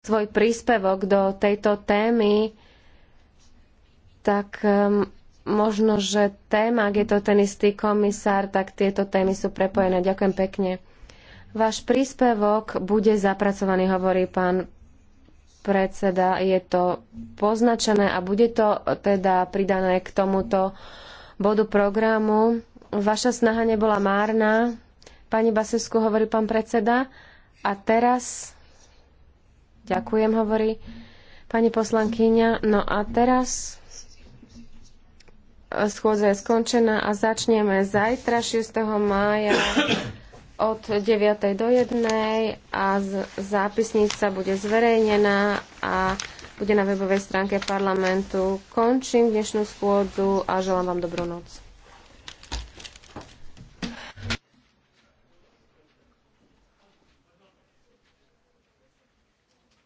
svoj príspevok do tejto témy, tak um, možno, že téma, ak je to ten istý komisár, tak tieto témy sú prepojené. Ďakujem pekne. Váš príspevok bude zapracovaný, hovorí pán predseda. Je to poznačené a bude to teda pridané k tomuto bodu programu. Vaša snaha nebola márna, pani Basesku, hovorí pán predseda. A teraz Ďakujem, hovorí pani poslankyňa. No a teraz schôdza je skončená a začneme zajtra 6. mája od 9. do 1. a zápisnica bude zverejnená a bude na webovej stránke parlamentu. Končím dnešnú schôdzu a želám vám dobrú noc.